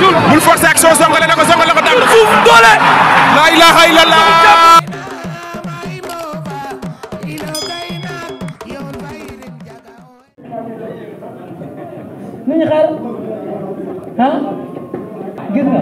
Oh, bul forcer ak soo songale na ko songale na ko daan na fuuf doole. la ilaha illallah. ñu xaar ah gis nga.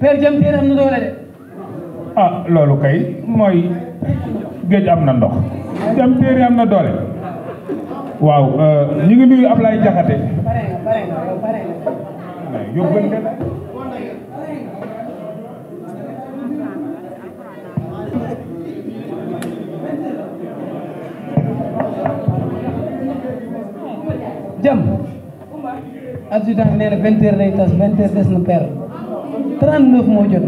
père jam téer am na doole de. ah loolu kay mooy géej am na ndox jam téer am na doole waaw euh, ñu ngi nuyu Ablaye Jaxate jam adjudant nee na vingt heures lay tas vingt heures des na père 39 moo jot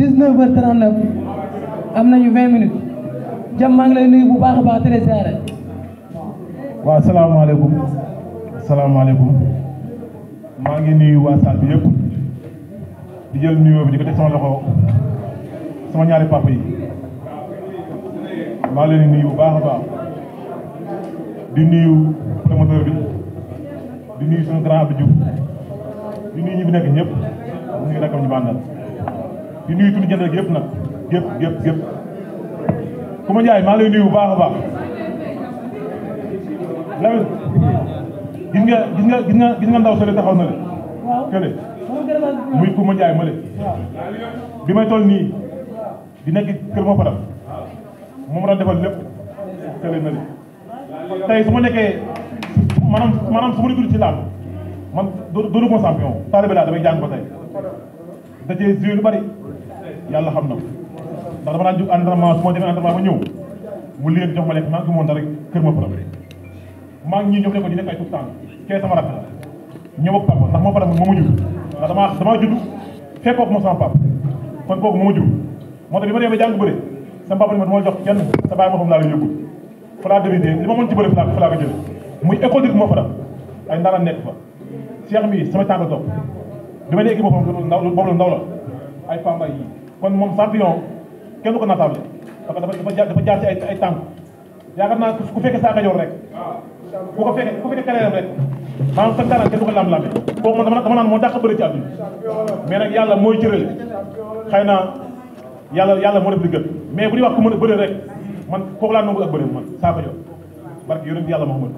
19 heures 39 am nañu 20 minutes jàmm maa ngi lay nuyu bu baax a baax télé siyaare. waaw salaamaaleykum salaamaaleykum maa ngi nuyu waa salle bi yëpp di jël nuyoo bi di ko teg sama loxo sama ñaari papa yi maa ngi leen di bu baax a baax di nuyu promoteur bi di nuyu sunu grand Abdou Diouf di nuyu ñi nekk ñëpp. nuyu nag ñu bàndal di nuyu tur jënd yëpp nag yëpp yëpp yëpp. ku ma jaay maa ngi lay nuyu bu baax a baax Lamine gis nga gis nga gis nga gis nga ndaw sori taxaw na le kële muy ku ma jaay ma le bi may toll nii di nekk kër ma faram moom la defal lépp kële na le tey su ma nekkee maanaam maanaam su ma dugg ci laam man doonu ma champion taalibe laa damay jàng ba tey da cee joué lu bari yàlla xam na ndax dama daan jóg entraînement su ma demee entraînement ba ñëw mu leen jox ma lekk maa ngi moon rek kër ma problème maa ngi ñii ñoom ne ko di nekk ay tout temps kee sama rakk la ñëw ak papa ndax moo pare moo ma jur ndax damaa damaa judd fekkoo ko ma sama papa kon kooku moo ma jur moo tax bi ma demee jàng bëre sama papa ni ma dama jox kenn sa bàyyi ma fam laa la yóbbu fa laa demee li ma mën ci bëre fa laa ko jëlee muy école moo fa ay ndaara nekk fa seex mi sama tànk topp bi ma léegi boppam lu ndaw boobu la ndaw la ay Pamba yi kon moom champion kenn du ko naataable parce que dafa dafa jaar ci ay ay tànk yaakaar naa ku fekkee saa Kajoor rek ku ko fekkee ku fekkee carrière rek maanaam sa dara kenn du ko lam-lame kooku man dama naan moo dàq bëri ci àdduna mais nag yàlla mooy cëral xëy na yàlla yàlla moo def li gën mais bu ñuy wax ku mën a bëri rek man kooku laa nangu ak bëri man saa Kajoor barke yonent yàlla Muhammad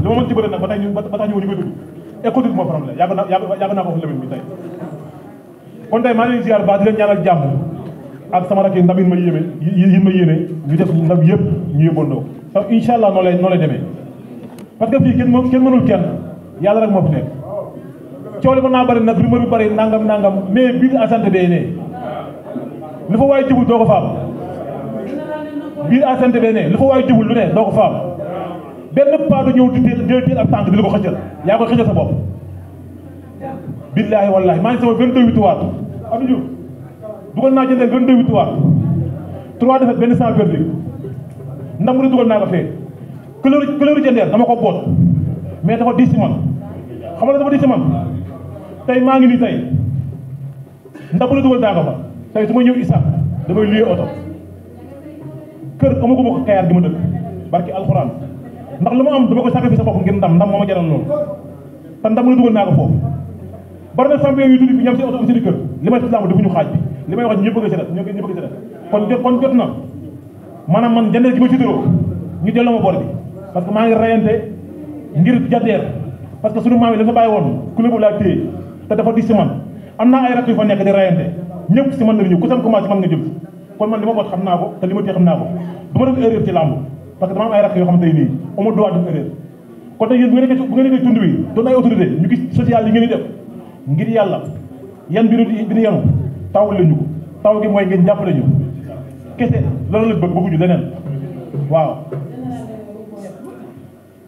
li ma mën ci bëri nag ba tax ñu ba tax ñu ñu koy dugg écoute moo problème yàgg naa yàgg naa ko wax Lamine bi tey kon tey maa ngi leen ziar baax di leen jàmm ak sama rakk yi ndam yi ma yéeme yi ma yéene ñu def ndam yëpp ñu yóbbandoo donc incha allah noo lay noo lay fii kenn mënul kenn yàlla rek moo fi nekk coow li mën naa bëri nag rumeur bi bëri nangam nangam mais biir asante bee nee lu fa waaye jubul doo ko faam biir asante bee nee lu fa waaye jubul lu ne doo ko faam benn paa du ñëw di teel di teel ab tànk di la ko xëccal yaa koy xëccal sa bopp. billaahi wallaahi maa ngi sama 22 victoire Abdou Diouf dugal naa jëndee 22 victoire 3 défaites benn sans verdict ndam mu ne dugal naa ko fee. couleur couleur jëndeer dama ko boot mais dafa diis ci man xam nga dafa diis ci man tey maa ngi nii tey ndam mu ne dugal naa ko fa tey su ma ñëw Issa damay luyee oto kër amagu ma ko Kayar gi ma dëkk barki alxuraan. ndax lu ma am dama ko sacrifice bopp ngir ndam ndam moo ma jaral loolu te ndam la dugal naa ko bari na champion yu tudd fi ñoom seen oto am seen kër li may islam defuñu xaaj bi li may ñu bëgg a seetal ñu bëgg a seetal kon na maanaam man jëndee ci ma suturoo ñu delloo ma bor bi parce que maa ngi rayante ngir jadeer parce que suñu maam yi la fa bàyyi woon ku lébu laa téye te dafa di si man am naa ay rakk yu fa nekk di rayante ñëpp si man la ñu ku sam commencé man nga jëm kon man li ma boot xam naa ko te li ma téye xam naa ko du ma def erreur ci làmb parce que dama am ay rakk yoo xamante nii amul droit def erreur kon nag yéen bu ngeen nekkee bu ngeen nekkee tund wi doon ay autorité ñu gis social yi ngeen di ngir yàlla yan bi ñu bi ñu yanu taw la ko taw gi mooy ngeen jàppale ñu kese loolu la bëgg bëgguñu leneen waaw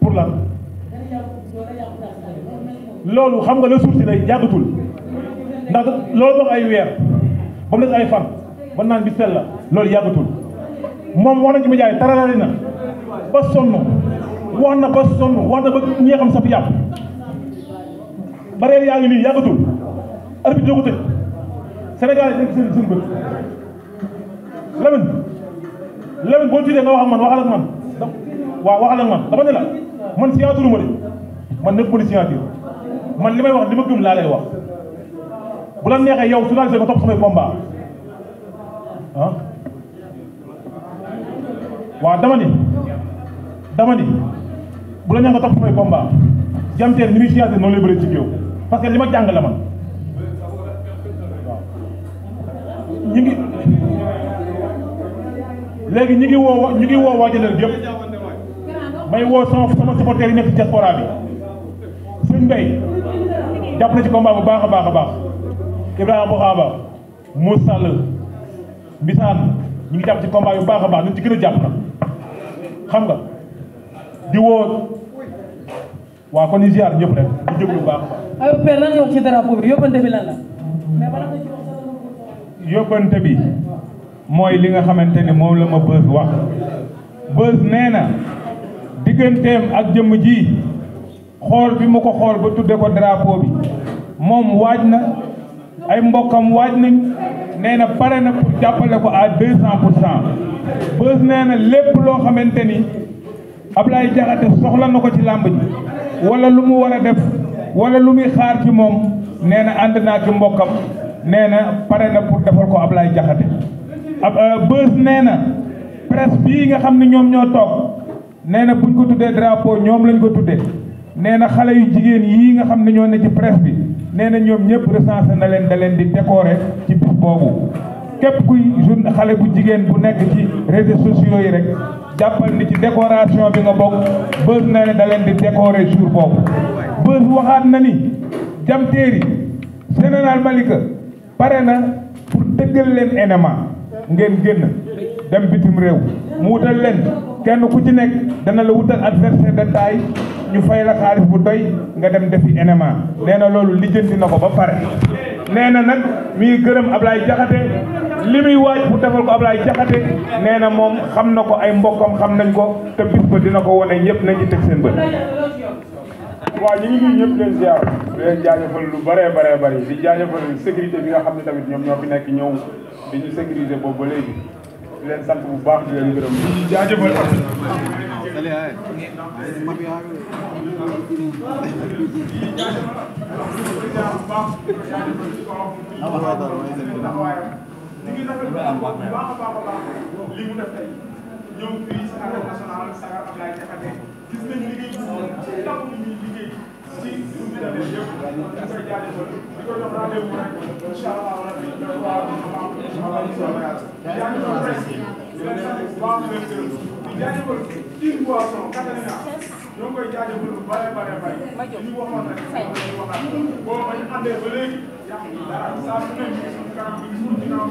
pour lan loolu xam nga la suuf si day yàggatul ndax loolu dox ay weer ba mu des ay fan ba naan bi sell la loolu yàggatul moom wax na ci média yi taralali na ba sonn wax na ba sonn wax na ba ñee xam saf yaa ngi nii yàggatul arbitre doo ko tëj Sénégal yi seen seen bët Lamine Lamine boo tiitee nga wax man waxal ak man waaw waxal man dama la man signature ma de man nekk police signature man li may wax li ma gëm laa lay wax bu la neexee yow journaliste nga topp samay combat ah waaw dama dama ni bu la ñaan nga topp mooy combat jamteer ni muy siyaase noonu lay ci géew parce que li ma jàng la man waaw ñu ngi léegi ñu ngi woo ñu ngi woo waajaleel yëpp ma woo sama sama supporter yi nekk ci diaspora bi suñ mbay jàpp na ci combat bu baax a baax a baax Ibrahima Boxaaba Moussa Sall Mbisaan ñu ngi jàpp ci combat bu baax a baax ñu ci gën a jàpp nga di woo waaw kon ñu ziar ñëpp di jéglu baax a baax. père lan nga wax bi yóbbante la. yóbbante bi mooy li nga xamante ni moom la ma bës wax bës nee na digganteem ak jëmm ji xool bi mu ko xool ba tudde ko drapeau bi moom waaj na ay mbokkam waaj nañ nee na pare na jàppale ko à deux cent pour cent bës nee na lépp loo xamante ni. Ablaye Diakhaté soxla na ko ci làmb ji wala lu mu war a def wala lu muy xaar ci moom nee na ànd naa ci mbokkam nee na pare na pour defal ko Ablaye Diakhaté ab euh, bés nee na presse bii nga xam ne ñoom ñoo toog nee na buñ ko tuddee drapeau ñoom lañ ko tuddee nee na xale yu jigéen yii nga xam ne ñoo ne ci presse bi nee na ñoom ñëpp recensé na leen da leen di décorer ci bis boobu képp kuy jeune xale bu jigéen bu nekk ci réseaux sociaux yi rek jàppal ni ci décoration bi nga bokk bës na ne da leen di décorer jour boobu bës waxaat na ni jam téeri général Malika pare na pour dëggal leen enema ngeen génn dem bitim réew mu wutal leen kenn ku ci nekk dana la wutal adversaire de taille ñu fay la xaalis bu doy nga dem defi enema nee na loolu li lijjanti na ko ba pare nee na nag mi ngi gërëm Ablaye Jaxate li muy waaj bu defal ko Ablaye Jaxate nee na moom xam na ko ay mbokkam xam nañ ko te bis ba dina ko wone ñëpp nañu teg seen bët. waaw ñu ngi nuyu ñëpp leen ziar lu bëree bëree bëri di jaajëfal sécurité bi nga xam ne tamit ñoom ñoo fi nekk ñëw di ñu sécurité boobu ba léegi di leen sant bu baax di leen gërëm ñu ngi rafetlu bu baax a baax a baax li mu def tey ñëw fii si arène nationale Sagar Abdoulaye Diakhaté gis nañ liggéey ci taw ni ñuy liggéey ci suuf bi demee yëpp di koy jaajëfal di ko jox rendez-vous rek incha allah rabbi waaw waaw jaajëfal presse bi di leen sant bu baax di leen gërëm di jaajëfal une boisson Catalina ñoo ngi koy jaajëfal bu bare bare bare li ñu waxoon rek waxaat boo bañ àndee ba léegi yàq dara saa su ne suñu kanam bi suñu ginnaaw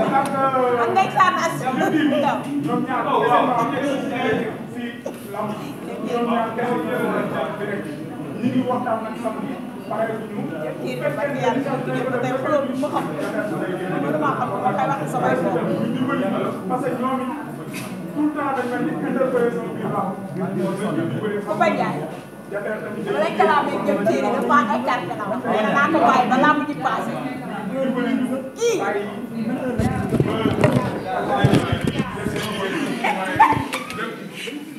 ak ndey Saana jërëjëf Fatou Ndiaye bu fekkee ne dañu koy parce que ñoom tout le temps dañu mel ni interpellation bi baax. Kopa Ndiaye. bu la kalaamee jëm téere dafa ay kàr kanam. nee na naa ko bàyyi balaa mu ci passé. Thank you.